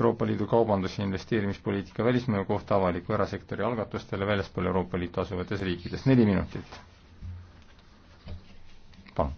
Euroopa Liidu kaubandus- ja investeerimispoliitika välismõju kohta avaliku erasektori algatustele väljaspool Euroopa Liitu asuvates riikides. neli minutit. palun.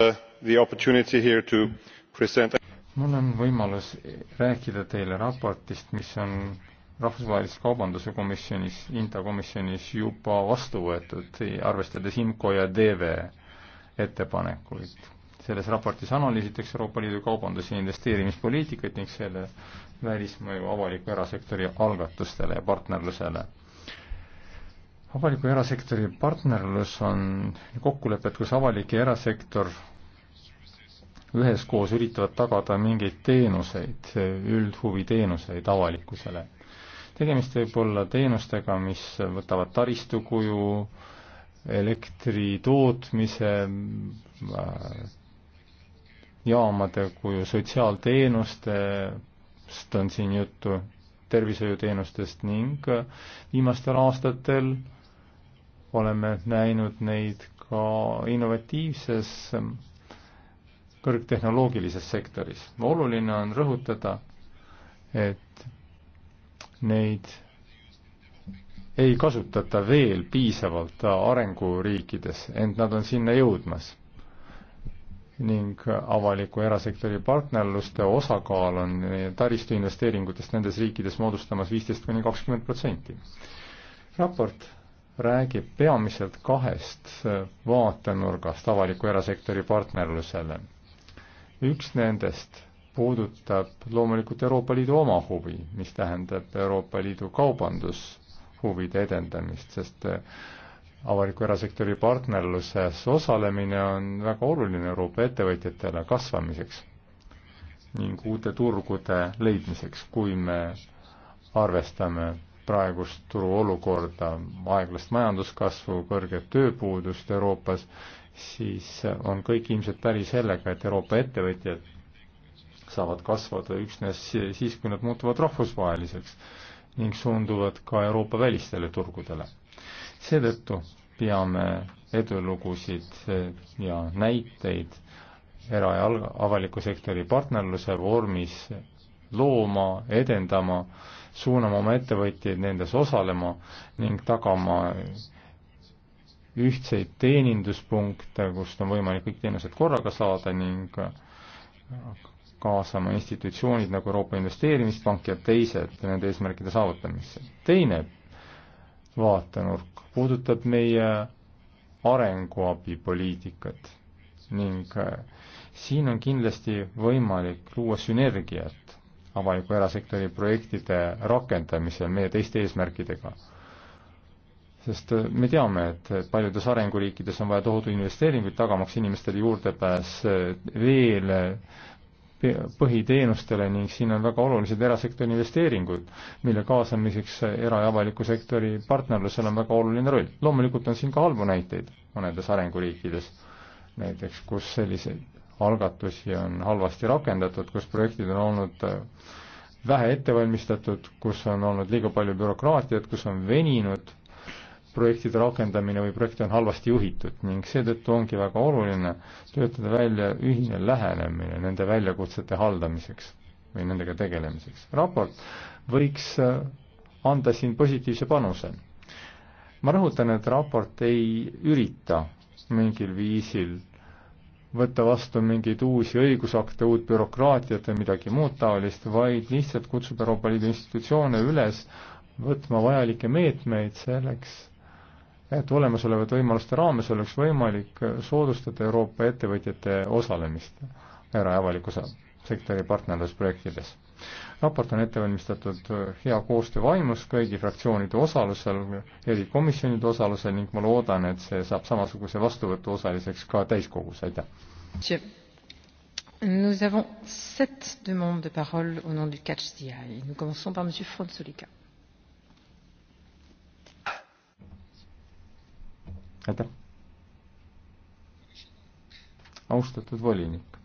Uh, mul on võimalus rääkida teile raportist, mis on rahvusvahelise kaubanduse komisjonis, INTA komisjonis juba vastu võetud, arvestades IMCO ja DV ettepanekuid selles raportis analüüsitakse Euroopa Liidu kaubandus- ja investeerimispoliitikat ning selle välismõju avaliku erasektori algatustele ja partnerlusele. avaliku erasektori partnerlus on kokkulepped, kus avalik ja erasektor üheskoos üritavad tagada mingeid teenuseid, üldhuviteenuseid avalikkusele. tegemist võib olla teenustega, mis võtavad taristu kuju, elektri tootmise, jaamade kui sotsiaalteenustest on siin juttu, tervishoiuteenustest ning viimastel aastatel oleme näinud neid ka innovatiivses kõrgtehnoloogilises sektoris. oluline on rõhutada, et neid ei kasutata veel piisavalt arenguriikides, ent nad on sinna jõudmas ning avaliku erasektori partnerluste osakaal on taristuinvesteeringutest nendes riikides moodustamas viisteist kuni kakskümmend protsenti. raport räägib peamiselt kahest vaatenurgast avaliku erasektori partnerlusele. üks nendest puudutab loomulikult Euroopa Liidu oma huvi, mis tähendab Euroopa Liidu kaubandushuvide edendamist, sest avaliku erasektori partnerluses osalemine on väga oluline Euroopa ettevõtjatele kasvamiseks ning uute turgude leidmiseks, kui me arvestame praegust turuolukorda, aeglast majanduskasvu, kõrget tööpuudust Euroopas, siis on kõik ilmselt päri sellega, et Euroopa ettevõtjad saavad kasvada üksnes siis, kui nad muutuvad rahvusvaheliseks ning suunduvad ka Euroopa välistele turgudele seetõttu peame edulugusid ja näiteid era- ja avaliku sektori partnerluse vormis looma, edendama, suunama oma ettevõtjaid nendes osalema ning tagama ühtseid teeninduspunkte, kust on võimalik kõik teenused korraga saada ning kaasama institutsioonid nagu Euroopa Investeerimispank ja teised nende eesmärkide saavutamisse. teine vaatenurk puudutab meie arenguabipoliitikat ning äh, siin on kindlasti võimalik luua sünergiat avaliku erasektori projektide rakendamisel meie teiste eesmärkidega. sest äh, me teame, et paljudes arenguriikides on vaja tohutu investeeringuid, tagamaks inimestele juurdepääs äh, veele, põhiteenustele ning siin on väga olulised erasektori investeeringud, mille kaasamiseks era- ja avaliku sektori partnerlusel on väga oluline roll. loomulikult on siin ka halbu näiteid mõnedes arenguriikides, näiteks kus selliseid algatusi on halvasti rakendatud, kus projektid on olnud äh, vähe ettevalmistatud, kus on olnud liiga palju bürokraatiat, kus on veninud projektide rakendamine või projekte on halvasti juhitud ning seetõttu ongi väga oluline töötada välja ühine lähenemine nende väljakutsete haldamiseks või nendega tegelemiseks. raport võiks äh, anda siin positiivse panuse. ma rõhutan, et raport ei ürita mingil viisil võtta vastu mingeid uusi õigusakte, uut bürokraatiat või midagi muud taolist, vaid lihtsalt kutsub Euroopa Liidu institutsioone üles võtma vajalikke meetmeid selleks, et olemasolevate võimaluste raames oleks võimalik soodustada Euroopa ettevõtjate osalemist era- ja avaliku sektori partnerlusprojektides. raport on ette valmistatud hea koostöö vaimus kõigi fraktsioonide osalusel, erikomisjonide osalusel ning ma loodan, et see saab samasuguse vastuvõtu osaliseks ka täiskogus, aitäh! Nous avons sept demandes de parole au nom du catch DI. Nous commençons par M. Fronsolika aitäh. austatud volinik,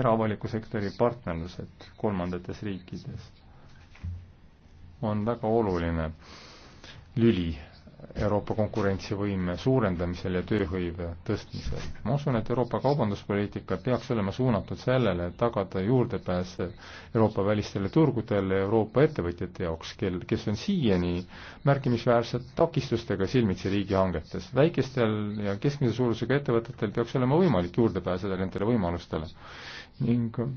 eraavaliku sektori partnerlused kolmandates riikides on väga oluline lüli Euroopa konkurentsivõime suurendamisel ja tööhõive tõstmisel. ma usun, et Euroopa kaubanduspoliitika peaks olema suunatud sellele, et tagada juurdepääs Euroopa välistele turgudele Euroopa ettevõtjate jaoks, kel, kes on siiani märkimisväärsete takistustega silmitsi riigihangetes. väikestel ja keskmise suurusega ettevõtetel peaks olema võimalik juurde pääseda nendele võimalustele ning äh,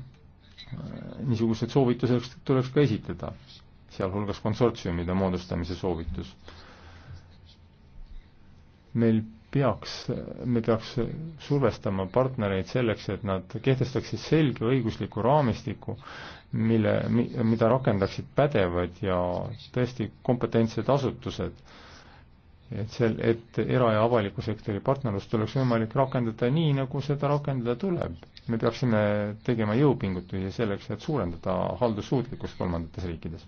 niisugused soovitused tuleks ka esitada, sealhulgas konsortsiumide moodustamise soovitus meil peaks, me peaks survestama partnereid selleks, et nad kehtestaksid selge õigusliku raamistiku, mille, mida rakendaksid pädevad ja tõesti kompetentsed asutused. et sel, et era- ja avaliku sektori partnerlust oleks võimalik rakendada nii, nagu seda rakendada tuleb. me peaksime tegema jõupingutusi selleks, et suurendada haldussuutlikkust kolmandates riikides.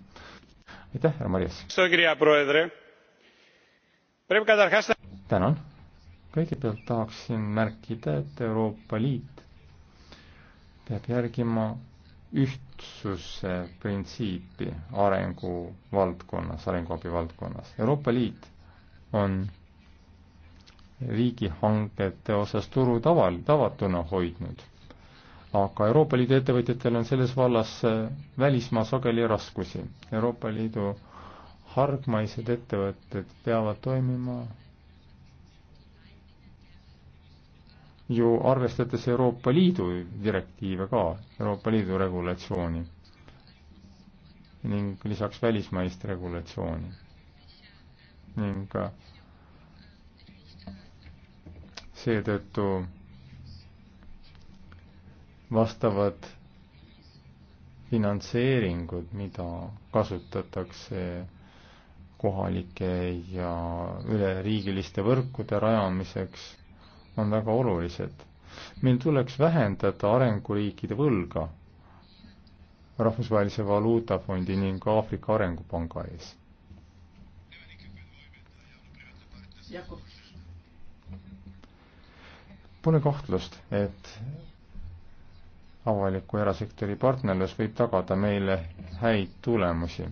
aitäh, härra Marias! tänan. kõigepealt tahaksin märkida, et Euroopa Liit peab järgima ühtsuse printsiipi arengu valdkonnas, arenguabi valdkonnas. Euroopa Liit on riigihangete osas turu taval, tavatuna hoidnud. aga Euroopa Liidu ettevõtjatel on selles vallas välismaa sageli raskusi. Euroopa Liidu hargmaised ettevõtted peavad toimima ju arvestades Euroopa Liidu direktiive ka, Euroopa Liidu regulatsiooni ning lisaks välismaist regulatsiooni ning äh, seetõttu vastavad finantseeringud, mida kasutatakse kohalike ja üleriigiliste võrkude rajamiseks on väga olulised. meil tuleks vähendada arenguriikide võlga Rahvusvahelise Valuutafondi ning Aafrika Arengupanga ees. Pole kahtlust, et avaliku erasektori partnerlus võib tagada meile häid tulemusi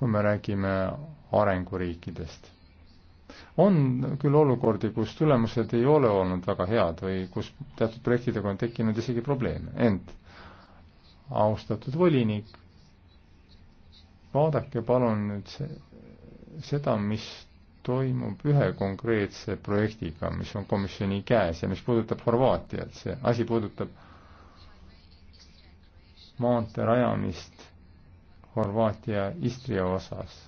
kui me räägime arenguriikidest. on küll olukordi, kus tulemused ei ole olnud väga head või kus teatud projektidega on tekkinud isegi probleeme, ent austatud volinik, vaadake palun nüüd see, seda, mis toimub ühe konkreetse projektiga, mis on komisjoni käes ja mis puudutab Horvaatiat, see asi puudutab maantee rajamist Horvaatia Istria osas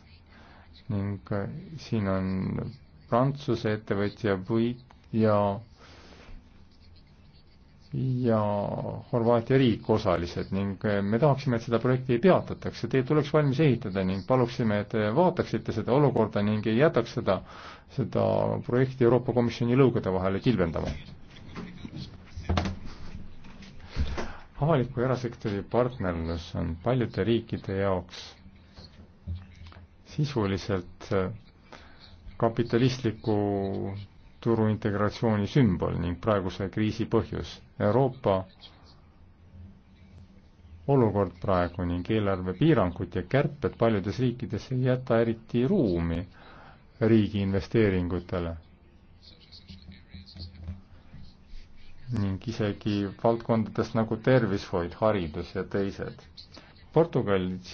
ning äh, siin on Prantsuse ettevõtja või ja ja Horvaatia riik osalised ning äh, me tahaksime, et seda projekti ei peatataks ja teil tuleks valmis ehitada ning paluksime, et te äh, vaataksite seda olukorda ning ei jätaks seda, seda projekti Euroopa Komisjoni lõugade vahele kilbendama. avaliku ja erasektori partnerlus on paljude riikide jaoks sisuliselt äh, kapitalistliku turu integratsiooni sümbol ning praeguse kriisi põhjus. Euroopa olukord praegu ning eelarvepiirangud ja kärped paljudes riikides ei jäta eriti ruumi riigi investeeringutele ning isegi valdkondades nagu tervishoid, haridus ja teised. Portugalis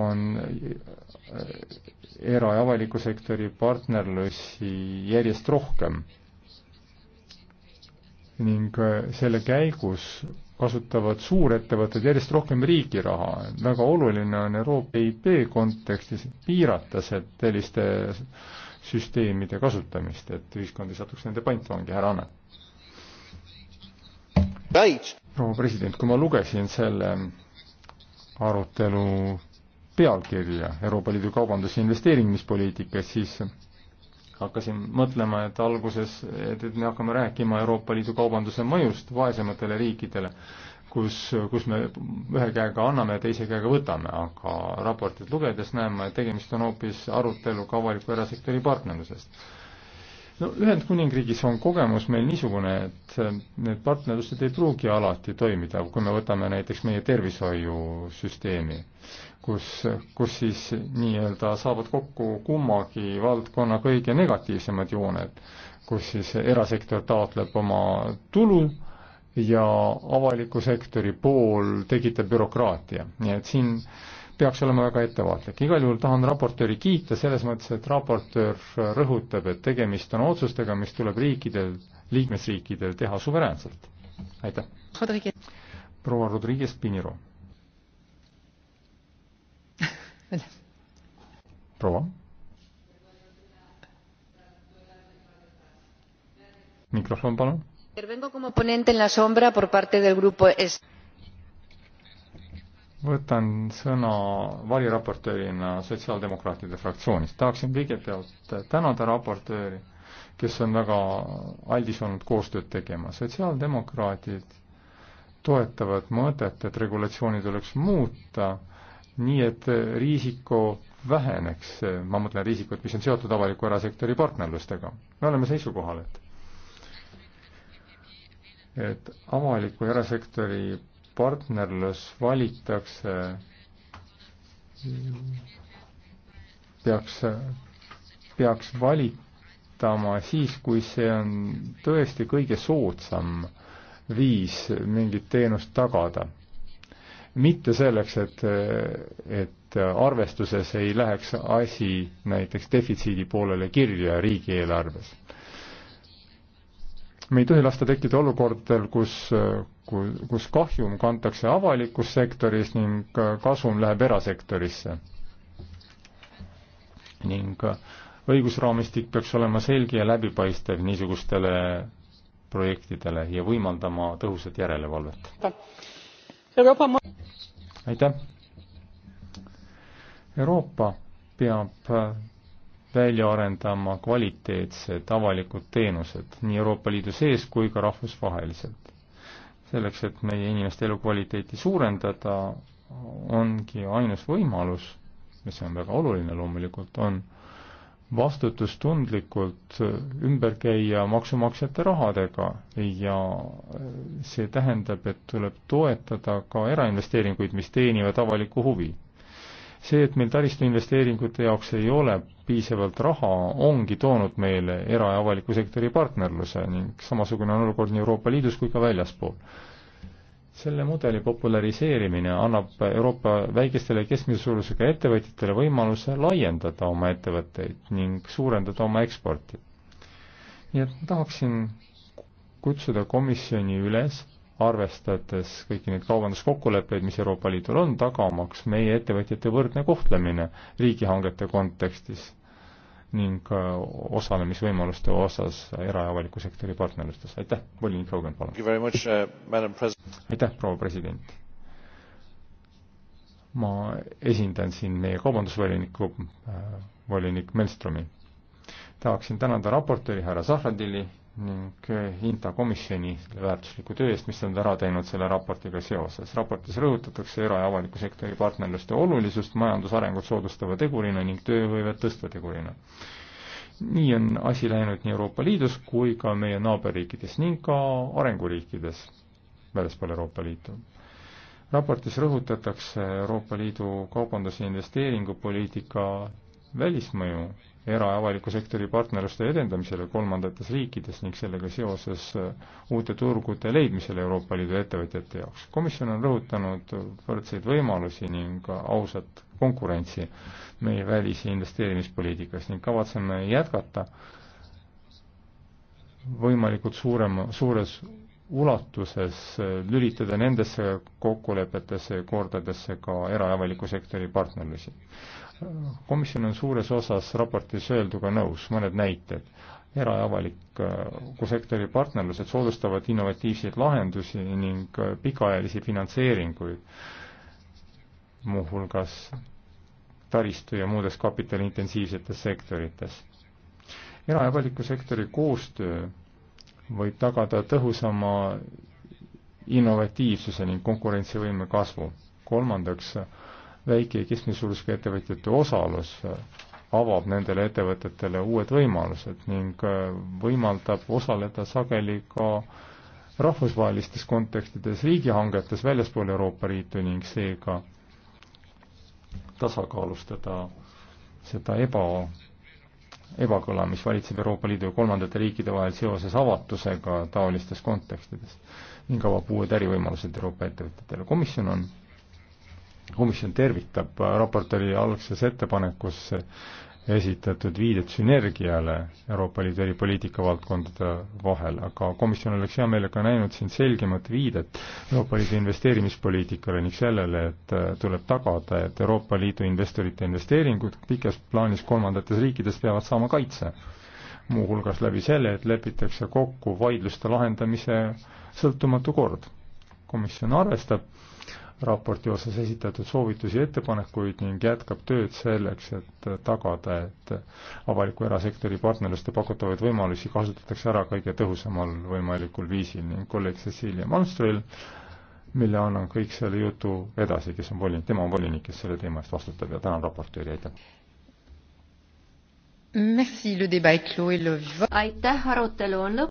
on era- ja avaliku sektori partnerlusi järjest rohkem ning äh, selle käigus kasutavad suurettevõtted järjest rohkem riigi raha. väga oluline on Euroopa e IP kontekstis piirata selliste süsteemide kasutamist, et ühiskond ei satuks nende pantvangi, härra Anne. proua president, kui ma lugesin selle arutelu pealkirja Euroopa Liidu kaubandus- ja investeerimispoliitika, siis hakkasin mõtlema, et alguses, et, et me hakkame rääkima Euroopa Liidu kaubanduse mõjust vaesematele riikidele kus, kus me ühe käega anname ja teise käega võtame, aga raportit lugedes näeme, et tegemist on hoopis aruteluga avaliku erasektori partnerlusest. no Ühendkuningriigis on kogemus meil niisugune, et need partnerlused ei pruugi alati toimida, kui me võtame näiteks meie tervishoiusüsteemi, kus, kus siis nii-öelda saavad kokku kummagi valdkonna kõige negatiivsemad jooned, kus siis erasektor taotleb oma tulu, ja avaliku sektori pool tekitab bürokraatia, nii et siin peaks olema väga ettevaatlik. igal juhul tahan raportööri kiita selles mõttes, et raportöör rõhutab, et tegemist on otsustega, mis tuleb riikidel, liikmesriikidel teha suveräänselt. aitäh. proua Rodriguez Piniro. proua. mikrofon palun võtan sõna variraportöörina Sotsiaaldemokraatide fraktsioonist. tahaksin kõigepealt tänada raportööri, kes on väga aldis olnud koostööd tegema. sotsiaaldemokraadid toetavad mõtet, et regulatsiooni tuleks muuta nii, et riisiko väheneks, ma mõtlen riisikut, mis on seotud avaliku erasektori partnerlustega. me oleme seisukohal, et et avaliku erasektori partnerlus valitakse, peaks, peaks valitama siis, kui see on tõesti kõige soodsam viis mingit teenust tagada. mitte selleks, et, et arvestuses ei läheks asi näiteks defitsiidi poolele kirja riigieelarves me ei tohi lasta tekkida olukordadel, kus, kus kahjum kantakse avalikus sektoris ning kasum läheb erasektorisse. ning õigusraamistik peaks olema selge ja läbipaistev niisugustele projektidele ja võimaldama tõhusat järelevalvet. aitäh! Euroopa peab välja arendama kvaliteetsed avalikud teenused nii Euroopa Liidu sees kui ka rahvusvaheliselt. selleks, et meie inimeste elukvaliteeti suurendada, ongi ainus võimalus, mis on väga oluline loomulikult, on vastutustundlikult ümber käia maksumaksjate rahadega ja see tähendab, et tuleb toetada ka erainvesteeringuid, mis teenivad avalikku huvi see, et meil taristuinvesteeringute jaoks ei ole piisavalt raha, ongi toonud meile era- ja avaliku sektori partnerluse ning samasugune on olukord nii Euroopa Liidus kui ka väljaspool. selle mudeli populariseerimine annab Euroopa väikestele ja keskmise suurusega ettevõtjatele võimaluse laiendada oma ettevõtteid ning suurendada oma eksporti. nii et tahaksin kutsuda komisjoni üles arvestades kõiki neid kaubanduskokkuleppeid, mis Euroopa Liidul on, tagamaks meie ettevõtjate võrdne kohtlemine riigihangete kontekstis ning äh, osalemisvõimaluste osas era- ja avaliku sektori partnerlustes. aitäh, volinik Hogan, palun! Uh, aitäh, proua president! ma esindan siin meie kaubandusvolinikku, äh, volinik Melstromi. tahaksin tänada raportööri härra Zahradili ning eh, hinda komisjoni selle väärtusliku töö eest, mis nad ära teinud selle raportiga seoses. raportis rõhutatakse era- ja avaliku sektori partnerluste olulisust majandusarengut soodustava tegurina ning tööhõivet tõstva tegurina. nii on asi läinud nii Euroopa Liidus kui ka meie naaberriikides ning ka arenguriikides väljaspool Euroopa Liitu raportis rõhutatakse Euroopa Liidu kaubandus- ja investeeringupoliitika välismõju era- ja avaliku sektori partnerluste edendamisele kolmandates riikides ning sellega seoses äh, uute turgude leidmisele Euroopa Liidu ettevõtjate jaoks. komisjon on rõhutanud võrdseid võimalusi ning ausat konkurentsi meie välis- ja investeerimispoliitikas ning kavatseme jätkata võimalikult suurema, suures ulatuses äh, lülitada nendesse kokkulepetesse ja kordadesse ka era- ja avaliku sektori partnerlusi komisjon on suures osas raportis öelduga nõus, mõned näited. era- ja avaliku äh, sektori partnerlused soodustavad innovatiivseid lahendusi ning äh, pikaajalisi finantseeringuid, muuhulgas taristu ja muudes kapitaliintensiivsetes sektorites. era- ja avaliku sektori koostöö võib tagada tõhusama innovatiivsuse ning konkurentsivõime kasvu. kolmandaks, väike- ja keskmise suurusega ettevõtjate osalus avab nendele ettevõtetele uued võimalused ning äh, võimaldab osaleda sageli ka rahvusvahelistes kontekstides riigihangetes väljaspool Euroopa Liitu ning seega tasakaalustada seda eba, ebakõla, mis valitseb Euroopa Liidu ja kolmandate riikide vahel seoses avatusega taolistes kontekstides ning avab uued ärivõimalused Euroopa ettevõtetele. komisjon on komisjon tervitab raportööri algses ettepanekus esitatud viidet sünergiale Euroopa Liidu eri poliitikavaldkondade vahel, aga komisjon oleks hea meelega näinud siin selgemat viidet Euroopa Liidu investeerimispoliitikale ning sellele, et tuleb tagada, et Euroopa Liidu investorite investeeringud pikas plaanis kolmandates riikides peavad saama kaitse. muuhulgas läbi selle, et lepitakse kokku vaidluste lahendamise sõltumatu kord. komisjon arvestab raporti osas esitatud soovitusi ja ettepanekuid ning jätkab tööd selleks, et tagada, et avaliku erasektori partnerluste pakutavaid võimalusi kasutatakse ära kõige tõhusamal võimalikul viisil ning kolleeg Cecilia Malmström, mille annan kõik selle jutu edasi, kes on volinik, tema on volinik, kes selle teema eest vastutab ja tänan raportööri, aitäh! aitäh, arutelu on lõppenud.